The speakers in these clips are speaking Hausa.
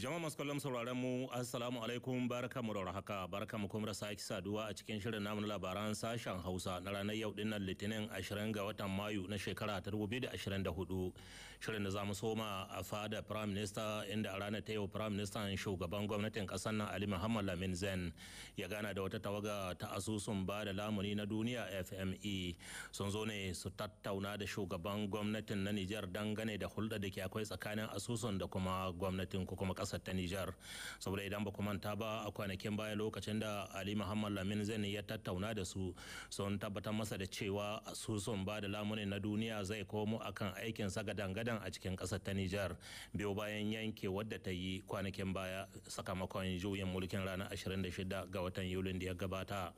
Jama'a masu kallon sauraron mu assalamu alaikum baraka mu da haka baraka mu kuma saduwa a cikin shirin namun labaran sashen Hausa na ranar yau din nan Litinin 20 ga watan Mayu na shekara ta 2024 shirin da zamu soma a fada Prime Minister inda a ranar ta yau Prime Minister shugaban gwamnatin kasar nan Ali Muhammad Lamin Zen ya gana da wata tawaga ta asusun ba da lamuni na duniya FME sun zo ne su tattauna da shugaban gwamnatin na Nijar dangane da hulɗa da ke akwai tsakanin asusun da kuma gwamnatin ko kuma ƙasar ta Nijar. Saboda idan ba manta ba a kwanakin baya lokacin da Ali Muhammad Lamin zai ya tattauna da su sun tabbatar masa da cewa su sun ba da lamunin na duniya zai komo akan aikin sa gadan-gadan a cikin ƙasar ta Nijar. Biyo bayan yanke wadda ta yi kwanakin baya sakamakon juyin mulkin ranar 26 ga watan Yulin da ya gabata.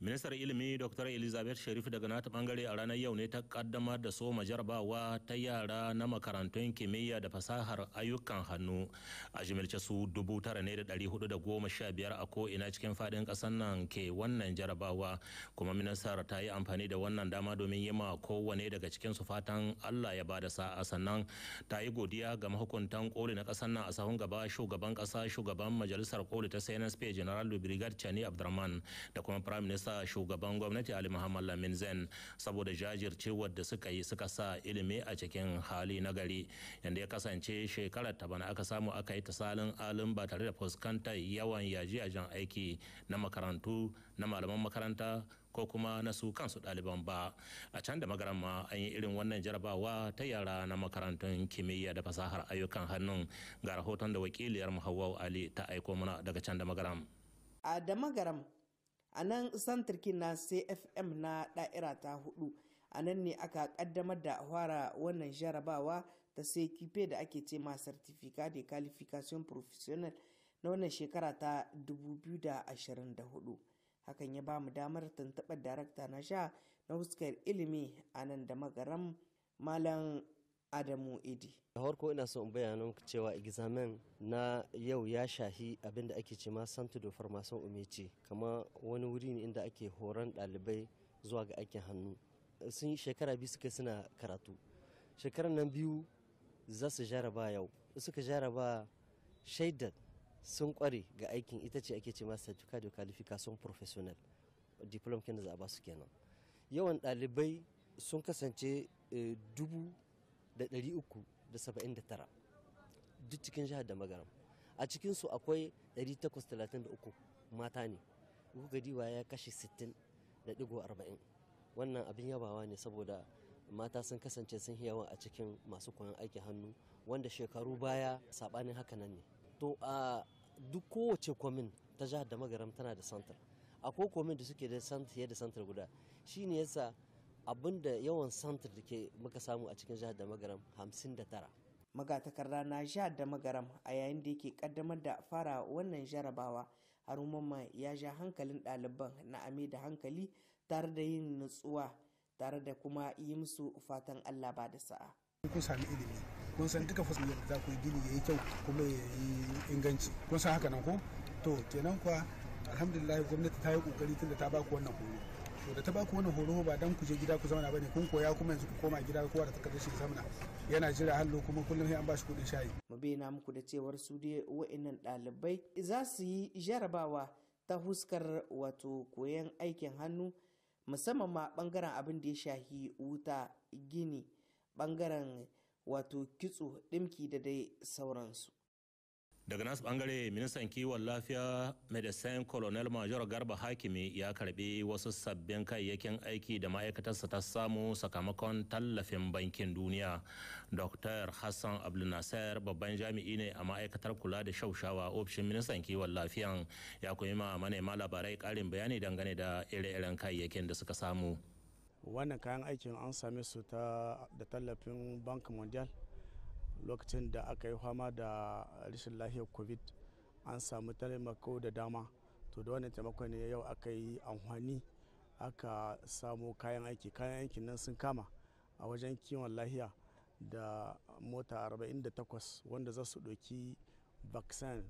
ministar ilimi dr elizabeth sharif daga nata bangare a ranar yau ne ta kaddamar da soma jarabawa ta yara na makarantun kimiyya da fasahar ayyukan hannu a jimilce su dubu tara ne da dari hudu da goma sha biyar a ko'ina cikin fadin kasar nan ke wannan jarabawa kuma ministar ta yi amfani da wannan dama domin yi ma kowane daga cikin su fatan allah ya bada sa'a sannan ta yi godiya ga mahukuntan koli na kasar nan a sahun gaba shugaban kasa shugaban majalisar koli ta cnsp general brigade chani abdurrahman da kuma prime minister sa shugaban gwamnati ali muhammad lamin zen saboda jajircewar da suka yi suka sa ilimi a cikin hali na gari yadda ya kasance shekarar ta bana aka samu aka yi tasalin alin ba tare da fuskantar yawan yajiyajen aiki na makarantu na malaman makaranta ko kuma na su kansu ɗaliban ba a can da magarama an yi irin wannan jarabawa ta yara na makarantun kimiyya da fasahar ayyukan hannun ga rahoton da wakiliyar muhawwau ali ta aiko mana daga can da magaram a da magaram a nan santarki na cfm na da'ira ta hudu a nan ne aka kaddamar da fara wannan jarabawa ta kife da ake ce ma certificat de qualification professionnel na wannan shekara ta 2024 hakan ya ba mu damar tuntuɓar darakta na sha na huskar ilimi a nan da magaram malam Adamu Idi. Da harko ina so in bayyana muku cewa examen na yau ya shahi abinda da ake cema Santo do Formation Umeci, kama wani wuri ne inda ake horon ɗalibai zuwa ga aikin hannu. Sun shekara biyu suka suna karatu. Shekarar nan biyu za su jaraba yau. Suka jaraba shaidar sun kware ga aikin ita ce ake cema Certificate de Qualification Professionnel. Diplom kenan za a ba su kenan. Yawan ɗalibai sun kasance eh, dubu da 379 duk cikin jihar da magaram a cikinsu akwai 833 mata ne gadiwa ya kashe 60.40 wannan abin yabawa ne saboda mata sun kasance sun yawa a cikin masu koyon aikin hannu wanda shekaru baya sabanin haka nan ne to a duk kowace kwamin ta jihar da magaram tana da santar akwai kwamin da suke da santar guda shi ne yasa abin da yawan santir da ke muka samu a cikin jihar da magaram 59 magatakarda na jihar da magaram a yayin da yake kaddamar da fara wannan jarabawa harumamma ya ja hankalin ɗaliban na ame da hankali tare da yin nutsuwa tare da kuma yi musu fatan allah ba da sa'a kun sami ilimi kun san duka fasa za ku yi gini ya yi kyau kuma ya yi inganci kun san haka nan ko to kenan kuwa alhamdulillah gwamnati ta yi kokari tunda ta ba ku wannan koyo to da ta baku wani horo ba dan ku je gida ku zauna bane kun koya kuma yanzu ku koma gida kowa da takardar shi zauna yana jira hallo kuma kullum sai an bashi kudin shayi mu bayyana muku da cewar su dai wa'annan ɗalibai za su yi jarabawa ta huskar wato koyan aikin hannu musamman ma bangaren abin da ya shahi wuta gini bangaren wato kitso ɗimki da dai sauransu daga nasu bangare ministan kiwon lafiya medecin colonel major garba hakimi ya karbi wasu sabbin kayayyakin aiki da ma'aikatarsa ta samu sakamakon tallafin bankin duniya dr hassan abdulnasir babban jami'i ne a ma'aikatar kula da shaushawa ofishin ministan kiwon lafiyan ya kuma ma manema labarai karin bayani dangane da ire-iren kayayyakin da suka samu wannan kayan aikin an same su ta da tallafin bank mondial lokacin da aka yi fama da rashin lahiyar covid an samu taimako da dama to da wannan taimako ne yau aka yi amfani aka samu kayan aiki kayan aikin nan sun kama a wajen kiwon lahiya da mota 48 wanda za su ɗauki vaccine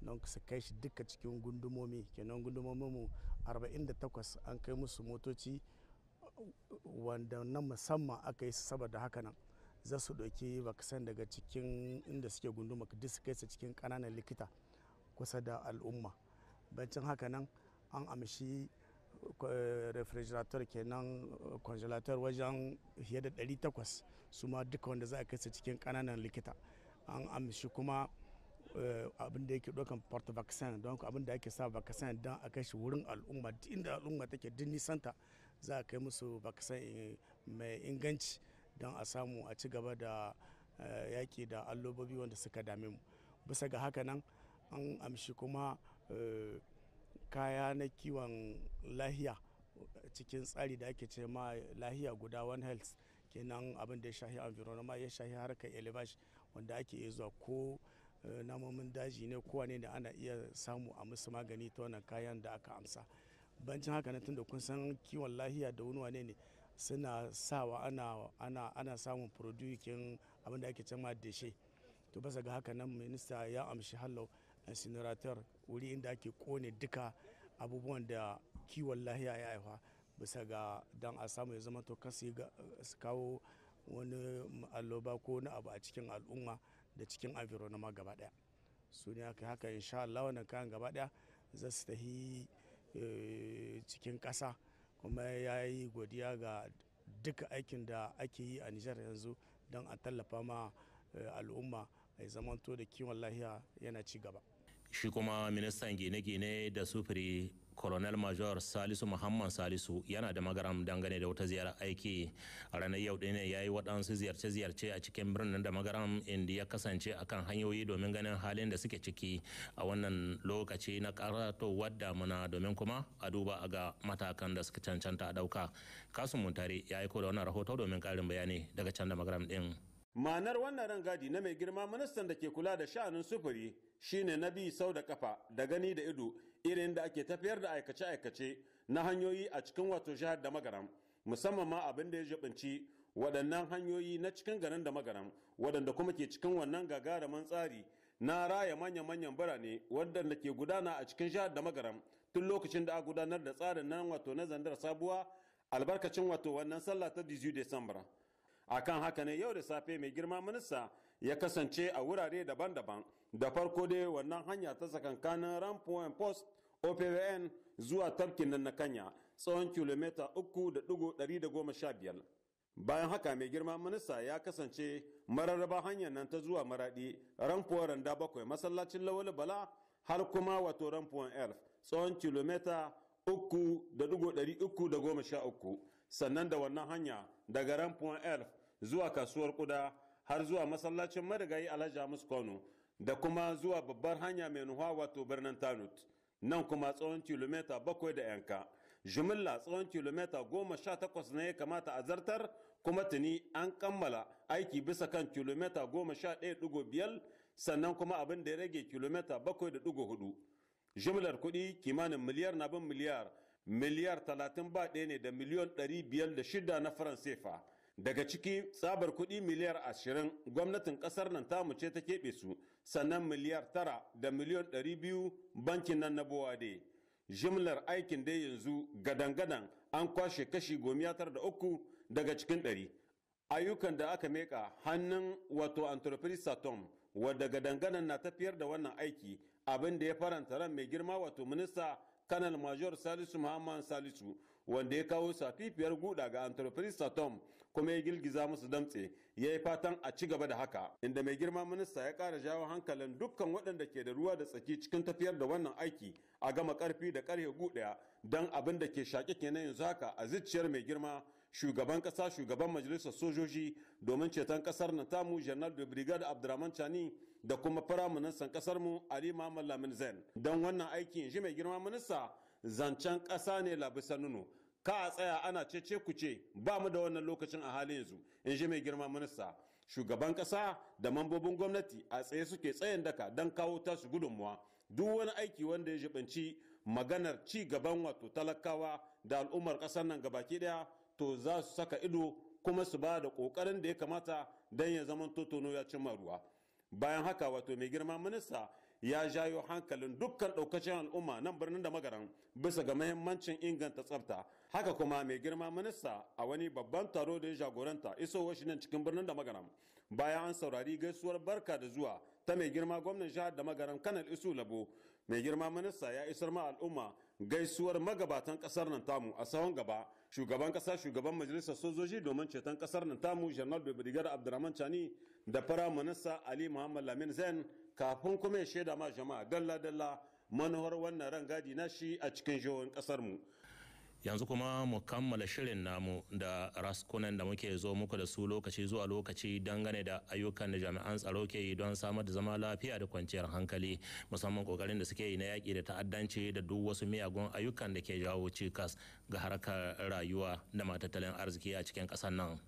don su kai shi duka cikin gundumomi kenan gundumominmu 48 an kai musu motoci wanda na musamman aka yi saboda haka nan za su ɗauki vaccine daga cikin inda suke gunduma duk su kai su cikin ƙananan likita kusa da al'umma bacin haka nan an amshi eh, refrigerator kenan congelator wajen fiye da 800 su ma duka wanda za a kai su cikin ƙananan likita an amshi kuma eh, abin da yake ɗaukan port vaccine don abin da ake sa vaccine don a kai shi wurin al'umma inda al'umma take duk nisanta za a kai musu vaccine eh, mai inganci don a samu a ci gaba da eh, yaƙi da allobobi wanda suka dame mu bisa ga haka nan an amshi kuma eh, kaya na kiwon lahiya cikin tsari da ake ce ma lahiya guda one health kenan abin da ya shahi environment ya shahi harkar elevash wanda ake iya zuwa ko eh, namomin daji ne ne da ana iya samu a musu magani ta wannan kayan da aka amsa bancin haka na tun da kun san kiwon lahiya da wani wane ne suna sawa ana ana ana samun produkin abin da ake cema deshe to basa ga haka nan minista ya amshi hallo incinerator wuri inda ake kone duka abubuwan da kiwon lahiya ya haifa bisa ga dan a samu ya zama to kasu su kawo wani alloba ko wani abu a cikin al'umma da cikin ma gaba daya su ne aka haka insha Allah wannan kayan gaba daya za su tahi eh, cikin ƙasa kuma ya yi godiya ga duka aikin da ake yi a nijar yanzu don a tallafa ma eh, al'umma mai zamanto da kiwon lahiya yana ci gaba shi kuma ministan gine-gine da sufuri colonel major salisu muhammad salisu yana da magaram dangane da wata ziyarar aiki a ranar yau ne ya yi waɗansu ziyarce-ziyarce a cikin birnin da magaram inda ya kasance akan hanyoyi domin ganin halin da suke ciki a wannan lokaci na karatowar muna domin kuma a duba a ga matakan da suka cancanta a ɗauka kasu muntari ya yi da wannan rahoto domin ƙarin bayani daga can da magaram ɗin. Manar wannan rangadi na mai girma ministan da ke kula da sha'anin sufuri shine na bi sau da kafa da gani da ido irin da ake tafiyar da aikace-aikace na hanyoyi a cikin wato jihar da magaram musamman ma abin da ya jibinci waɗannan hanyoyi na cikin garin da magaram waɗanda kuma ke cikin wannan gagaraman tsari na raya manya-manyan birane waɗanda ke gudana a cikin jihar da magaram tun lokacin da a gudanar da tsarin nan wato na zandar sabuwa albarkacin wato wannan sallah ta 18 Desambra. a kan haka ne yau da safe mai girma minista ya kasance a wurare daban-daban da farko dai wannan hanya ta tsakankanin rampoin post opvn zuwa tafkin nan na kanya tsawon kilomita 3.115 bayan haka mai girma minista ya kasance mararraba hanyar nan ta zuwa maradi rampoin randa bakwai masallacin lawal bala har kuma wato rampoin elf tsawon kilomita 3.313 sannan da wannan hanya daga rampoin elf zuwa kasuwar kuda har zuwa masallacin marigayi alhaji hamus kano da kuma zuwa babbar hanya mai nuha wato birnin tanut nan kuma tsawon kilomita bakwai da yanka jimilla tsawon kilomita goma sha takwas na ya kamata a zartar kuma tuni an kammala aiki bisa kan kilomita goma sha ɗaya ɗigo biyar sannan kuma abin da ya rage kilomita bakwai da ɗigo hudu jimlar kuɗi kimanin miliyar na bin miliyar miliyar talatin ba ɗaya ne da miliyon ɗari biyar da shida na faransefa daga ciki tsabar kuɗi miliyar ashirin gwamnatin ƙasar nan ta ce ta keɓe su sannan miliyar tara da miliyan ɗari biyu bankin nan na buwade jimlar aikin dai yanzu gadan-gadan an kwashe kashi gomiyatar da uku daga cikin ɗari ayyukan da aka meka hannun wato entreprise satom wadda gadan na tafiyar da wannan aiki abin da ya faranta ran mai girma wato minista kanal major salisu muhammad salisu wanda ya kawo safifiyar guda ga entreprise Satom kuma ya girgiza musu damtse ya yi fatan a ci gaba da haka inda mai girma minista ya kara jawo hankalin dukkan waɗanda ke da ruwa da tsaki cikin tafiyar da wannan aiki a gama karfi da karhe guda don abin da ke shaƙe kenan yanzu haka a zuciyar mai girma shugaban kasa shugaban majalisar sojoji domin ceton ƙasar na tamu janar da brigade abdurrahman chani da kuma firaministan ƙasar mu ali muhammad lamin zain don wannan aiki ya ji mai girma minista zancen ƙasa ne labisa nuno ka a tsaya ana cece ku ce ba mu da wannan lokacin a halin yanzu in ji mai girma minista shugaban ƙasa da mambobin gwamnati a tsaye suke tsayin daka don kawo tasu gudunmuwa duk wani aiki wanda ya jibanci maganar ci gaban wato talakawa da al'ummar ƙasar nan gabaki daya to za su saka ido kuma su ba da kokarin da ya kamata don ya zama tono ya cimma ruwa bayan haka wato mai girma minista ya jayo hankalin dukkan ɗaukacin al'umma nan birnin da magaran bisa ga mahimmancin inganta tsafta haka kuma mai girma minista a wani babban taro da ya jagoranta iso washinan cikin birnin da magaran bayan an saurari gaisuwar barka da zuwa ta mai girma gwamnan jihar da magaran kanal isu labo mai girma minista ya isar ma al'umma gaisuwar magabatan kasar nan tamu a tsawon gaba shugaban kasa shugaban majalisar sojoji domin ceton kasar nan tamu janar da brigar abdurrahman chani da fara minista ali muhammad lamin zain kafin kuma ya shaida ma jama'a dalla dalla manuwar wannan rangadi na shi a cikin jihohin kasar mu yanzu kuma mu kammala shirin namu da raskunan da muke zo muku da su lokaci zuwa lokaci dangane da ayyukan da jami'an tsaro ke yi don samar da zama lafiya da kwanciyar hankali musamman kokarin da suke yi na yaƙi da ta'addanci da duk wasu miyagun ayyukan da ke jawo cikas ga harkar rayuwa da matattalin arziki a cikin ƙasar nan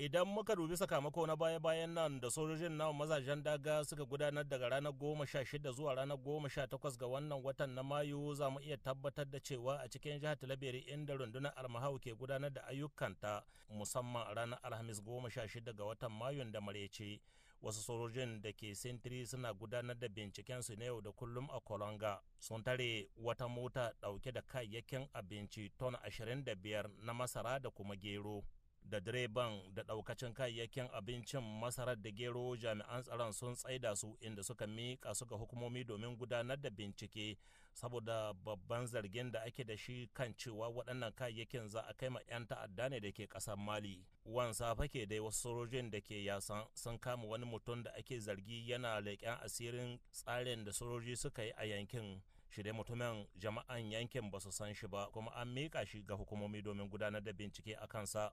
idan muka dubi sakamako na baya-bayan nan da sojojin na mazajen daga suka gudanar daga ranar goma sha shida zuwa ranar goma sha takwas ga wannan watan na mayu za mu iya tabbatar da cewa a cikin jihar talabiri inda rundunar almahau ke gudanar da ayyukanta musamman a ranar alhamis goma sha shida ga watan mayu da marece wasu sojojin da ke sintiri suna gudanar da binciken su na yau da kullum a kolonga sun tare wata mota dauke da kayayyakin abinci ton ashirin da biyar na masara da kuma gero da direban da daukacin kayayyakin abincin masarar da gero jami'an tsaron sun tsaida su inda suka miƙa suka hukumomi domin gudanar da bincike saboda babban zargin da ake da shi kan cewa waɗannan kayayyakin za a kai ma 'yan ta'adda ne da ke ƙasar mali wansa fake dai wasu sojojin da ke yasan sun kama wani mutum da ake zargi yana leƙen asirin tsarin da sojoji suka yi a yankin shi dai mutumin jama'an yankin ba su san shi ba kuma an miƙa shi ga hukumomi domin gudanar da bincike a kansa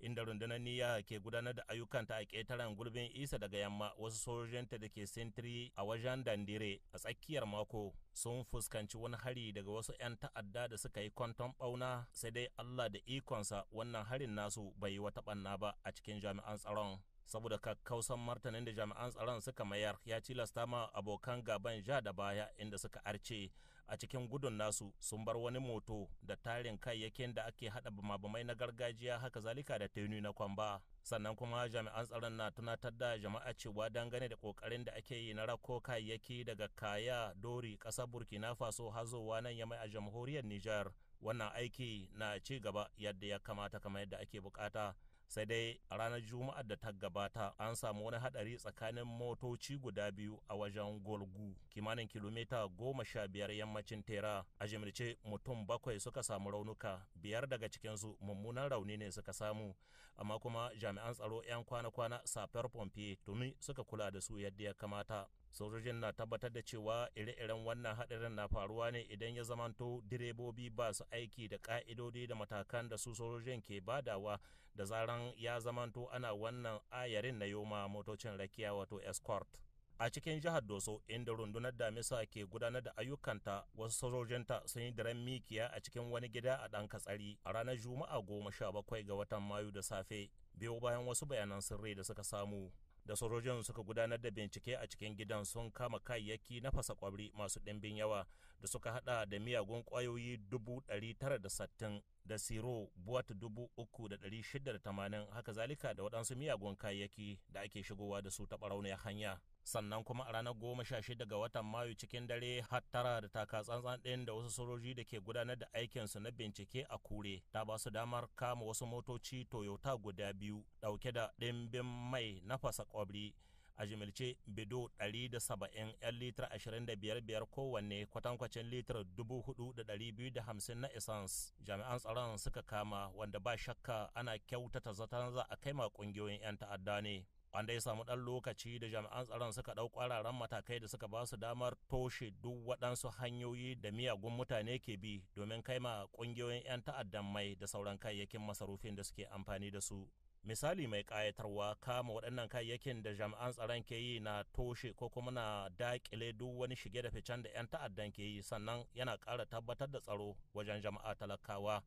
inda rundunar niyya ke gudanar da ayyukanta a ƙetaren gurbin isa daga yamma wasu sojojinta da ke sintiri a wajen dandire a tsakiyar mako sun fuskanci wani hari daga wasu 'yan ta'adda da suka yi kwanton bauna sai dai allah da ikonsa wannan harin nasu bai yi wata ɓanna ba a cikin jami'an tsaron saboda kakkausan martanin da jami'an tsaron suka mayar ya tilasta ma abokan gaban ja da baya inda suka arce a cikin gudun nasu sun bar wani moto da tarin kayayyakin da ake hada bamabamai na gargajiya haka zalika da tenu na kwamba sannan kuma jami'an tsaron na tunatar da jama'a cewa dangane da kokarin da ake yi na rako kayayyaki daga kaya dori kasar burkina faso hazowa nan yamai a jamhuriyar nijar wannan aiki na ci gaba yadda ya kamata kamar yadda ake bukata sai dai a ranar juma'ar da ta gabata an samu wani hadari tsakanin motoci guda biyu a wajen golgu kimanin kilomita goma sha biyar yammacin tera a jimilce mutum bakwai suka samu raunuka biyar daga cikinsu mummunan rauni ne suka samu amma kuma jami'an tsaro 'yan kwana-kwana safar pompe domin suka kula da su yadda ya kamata sojojin na tabbatar da cewa ire-iren wannan haɗarin na faruwa ne idan ya zamanto direbobi ba su aiki da ka'idodi da matakan da su sojojin ke badawa da zaran ya zamanto ana wannan ayarin na yoma motocin rakiya wato escort a cikin jihar doso inda rundunar damisa ke gudanar da ayyukanta wasu sojojinta sun yi daren mikiya a cikin wani gida a ɗan katsari a ranar juma'a goma sha bakwai ga watan mayu da safe biyo bayan wasu bayanan sirri da suka samu da sojojin suka gudanar da bincike a cikin gidan sun kama kayayyaki na fasa kwabri masu ɗimbin yawa da suka hada da miyagun kwayoyi dubu tara da sittin. da siro buwat dubu uku da ɗari shida da tamanin haka zalika da waɗansu miyagun kayayyaki da ake shigowa da su ta ɓarauniyar hanya sannan kuma a ranar goma sha shida ga watan mayu cikin dare har tara da taka tsantsan ɗin da wasu sojoji da ke gudanar da aikinsu na bincike a kure ta ba su damar kama wasu motoci toyota guda biyu ɗauke da ɗimbin mai na fasa kwabri a jimilce bido 170 'yan litar 25 kowanne kwatankwacin litar 4,250 na essence jami'an tsaron suka kama wanda ba shakka ana kyautata zaton za a kai ma kungiyoyin 'yan ta'adda ne wanda ya samu ɗan lokaci da jami'an tsaron suka ɗau ƙwararren matakai da suka ba su damar toshe duk waɗansu hanyoyi da miyagun mutane ke bi domin kai ma ƙungiyoyin 'yan ta'addan mai da sauran kayayyakin masarufin da suke amfani da su misali mai kayatarwa kama waɗannan kayayyakin da jami'an tsaron ke yi na toshe ko kuma na daƙile duk wani shige da ficen da 'yan ta'addan ke yi sannan yana ƙara tabbatar da tsaro wajen jama'a talakawa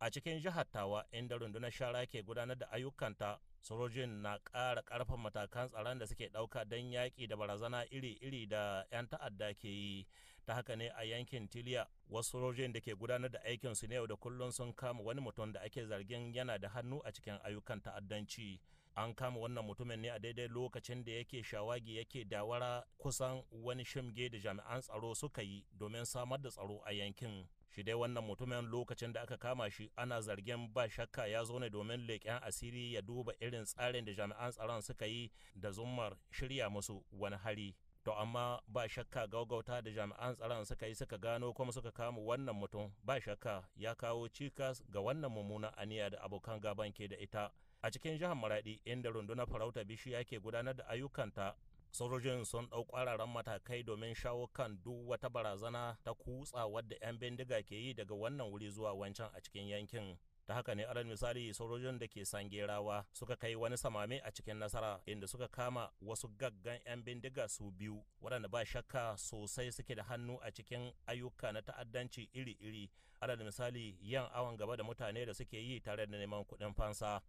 a cikin jihar tawa inda rundunar shara ke gudanar da ayyukanta sojojin na ƙara ƙarfin matakan tsaron da suke ɗauka don yaƙi da barazana iri-iri da 'yan ta'adda ke yi ta haka ne a yankin tiliya wasu sojojin da ke gudanar da aikin su ne yau da kullum sun kama wani mutum da ake zargin yana da hannu a cikin ayyukan ta'addanci an kama wannan mutumin ne a daidai lokacin da yake shawagi yake dawara kusan wani shimge da jami'an tsaro suka yi domin samar da tsaro a yankin shi dai wannan mutumin lokacin da aka kama shi ana zargin ba shakka ya zo ne domin leƙen asiri ya duba irin tsarin da jami'an tsaron suka yi da zummar shirya musu wani hari to amma ba shakka gaugauta da jami'an tsaron suka yi suka gano kuma suka kama wannan mutum ba shakka ya kawo cikas ga wannan mummunan aniya da abokan gaban ke da ita a cikin jihar maradi inda rundunar farauta bishiya ke gudanar da ayyukanta sojojin sun ɗau ƙwararren matakai domin shawo kan duk wata barazana ta kutsa wadda 'yan bindiga ke yi daga wannan wuri zuwa wancan a cikin yankin ta haka ne alal misali sojojin da ke sangerawa suka kai wani samame a cikin nasara inda suka kama wasu gaggan 'yan bindiga su biyu waɗanda ba shakka sosai suke da hannu a cikin ayyuka na ta'addanci iri-iri alal misali yan awon gaba da mutane da suke yi tare da neman kuɗin fansa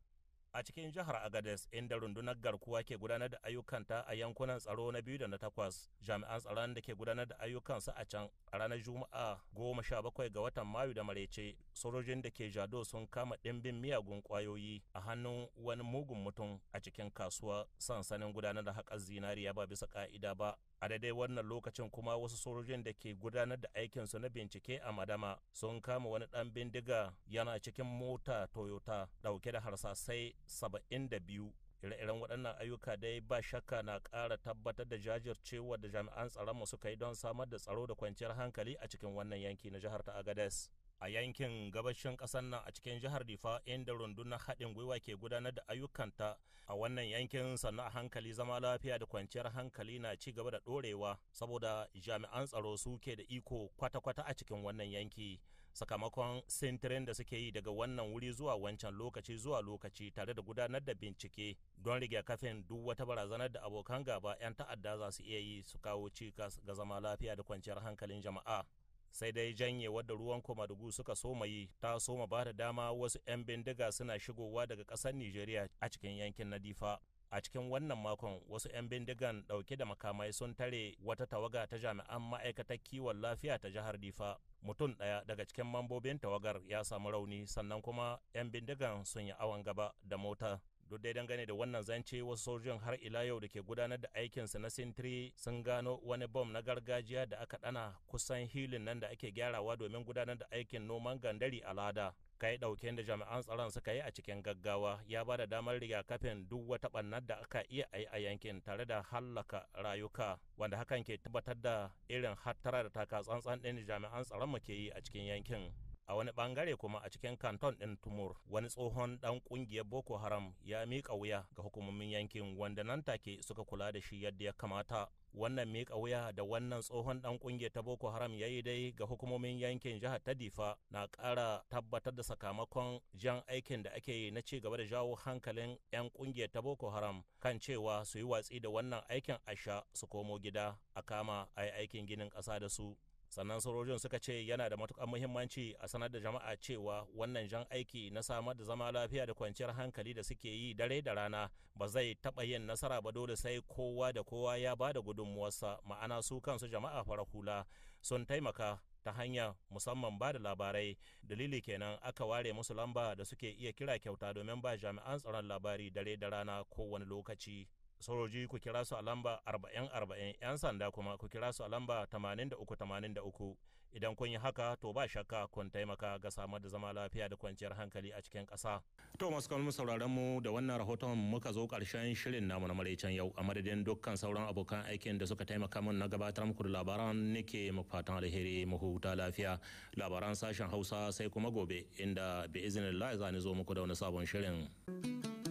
a cikin jihar agades inda rundunar garkuwa ke gudanar da ayyukanta a yankunan tsaro na biyu da na takwas jami'an tsaron da ke gudanar da ayyukansu a can a ranar juma'a goma sha bakwai ga watan mayu da marece sojojin da ke jado sun kama ɗimbin miyagun ƙwayoyi a hannun wani mugun mutum a cikin kasuwa sansanin gudanar da haƙar zinariya ba bisa ƙa'ida ba a daidai wannan lokacin kuma wasu sojojin da ke gudanar da aikinsu na bincike a madama sun kama wani dan bindiga yana cikin mota toyota dauke da harsasai 72 ire-iren waɗannan ayyuka dai ba shakka na ƙara tabbatar da jajircewa da jami'an tsaronmu suka yi don samar da tsaro da kwanciyar hankali a cikin wannan yanki na jihar ta agades a yankin gabashin ƙasar nan a cikin jihar Difa inda rundunar haɗin gwiwa ke gudanar da ayyukanta a wannan yankin sannan a hankali zama lafiya da kwanciyar hankali na ci gaba da ɗorewa saboda jami'an tsaro suke da iko kwata-kwata a cikin wannan yanki sakamakon sintirin da suke yi daga wannan wuri zuwa wancan lokaci zuwa lokaci tare da gudanar da bincike don kafin duk wata barazanar da abokan gaba 'yan ta'adda za su iya yi su kawo cikas ga zama lafiya da kwanciyar hankalin jama'a. sai dai janye wadda ruwan komadugu suka soma yi ta soma ba da dama wasu 'yan bindiga suna shigowa daga ƙasar nigeria a cikin yankin na difa a cikin wannan makon wasu 'yan bindigan dauke da makamai sun tare wata tawaga ta jami'an ma'aikatar kiwon lafiya ta jihar difa mutum daya daga cikin mambobin tawagar ya samu rauni sannan kuma 'yan bindigan sun yi awon gaba da mota duk dai dangane da wannan zance wasu sojojin har ila yau da ke gudanar da aikinsu na sintiri sun gano wani bom na gargajiya da aka dana kusan hilin nan da ake gyarawa domin gudanar da aikin noman gandari a lada kai dauke da jami'an tsaron suka yi a cikin gaggawa ya ba da damar rigakafin duk wata ɓannar da aka iya ayi a yankin tare da hallaka rayuka wanda hakan ke tabbatar da irin hattara da taka tsantsan ɗin jami'an tsaron mu ke yi a cikin yankin. a wani bangare kuma a cikin kanton ɗin tumur wani tsohon ɗan ƙungiyar boko haram ya miƙa wuya ga hukumomin yankin wanda nan take suka kula da shi yadda ya kamata wannan mika wuya da wannan tsohon ɗan ƙungiyar ta boko haram ya yi dai ga hukumomin yankin jihar ta difa na ƙara tabbatar da sakamakon jan aikin da ake yi na ci gaba da jawo hankalin 'yan ƙungiyar ta boko haram kan cewa su yi watsi da wannan aikin asha su komo gida a kama a yi aikin ginin ƙasa da su sannan sojojin suka ce yana da matukar muhimmanci a sanar da jama'a cewa wannan jan aiki na samar da zama lafiya da kwanciyar hankali da suke yi dare da rana ba zai taɓa yin nasara ba dole sai kowa da kowa ya ba da gudunmuwarsa ma'ana su kansu jama'a fara hula sun taimaka ta hanya musamman ba da labarai dalili kenan aka ware musu lamba da suke iya kira kyauta domin ba jami'an tsaron labari dare da rana kowane lokaci sojoji ku kira su a lamba 40-40 'yan sanda kuma ku kira su a lamba 83-83 idan kun yi haka to ba shakka kun taimaka ga samar da zama lafiya da kwanciyar hankali a cikin ƙasa. to masu kalmar sauraron mu da wannan rahoton muka zo karshen shirin namu na maraicen yau a madadin dukkan sauran abokan aikin da suka taimaka min na gabatar muku da labaran nake muku fatan alheri mu huta lafiya labaran sashen hausa sai kuma gobe inda bi izinin la'iza ne zo muku da wani sabon shirin.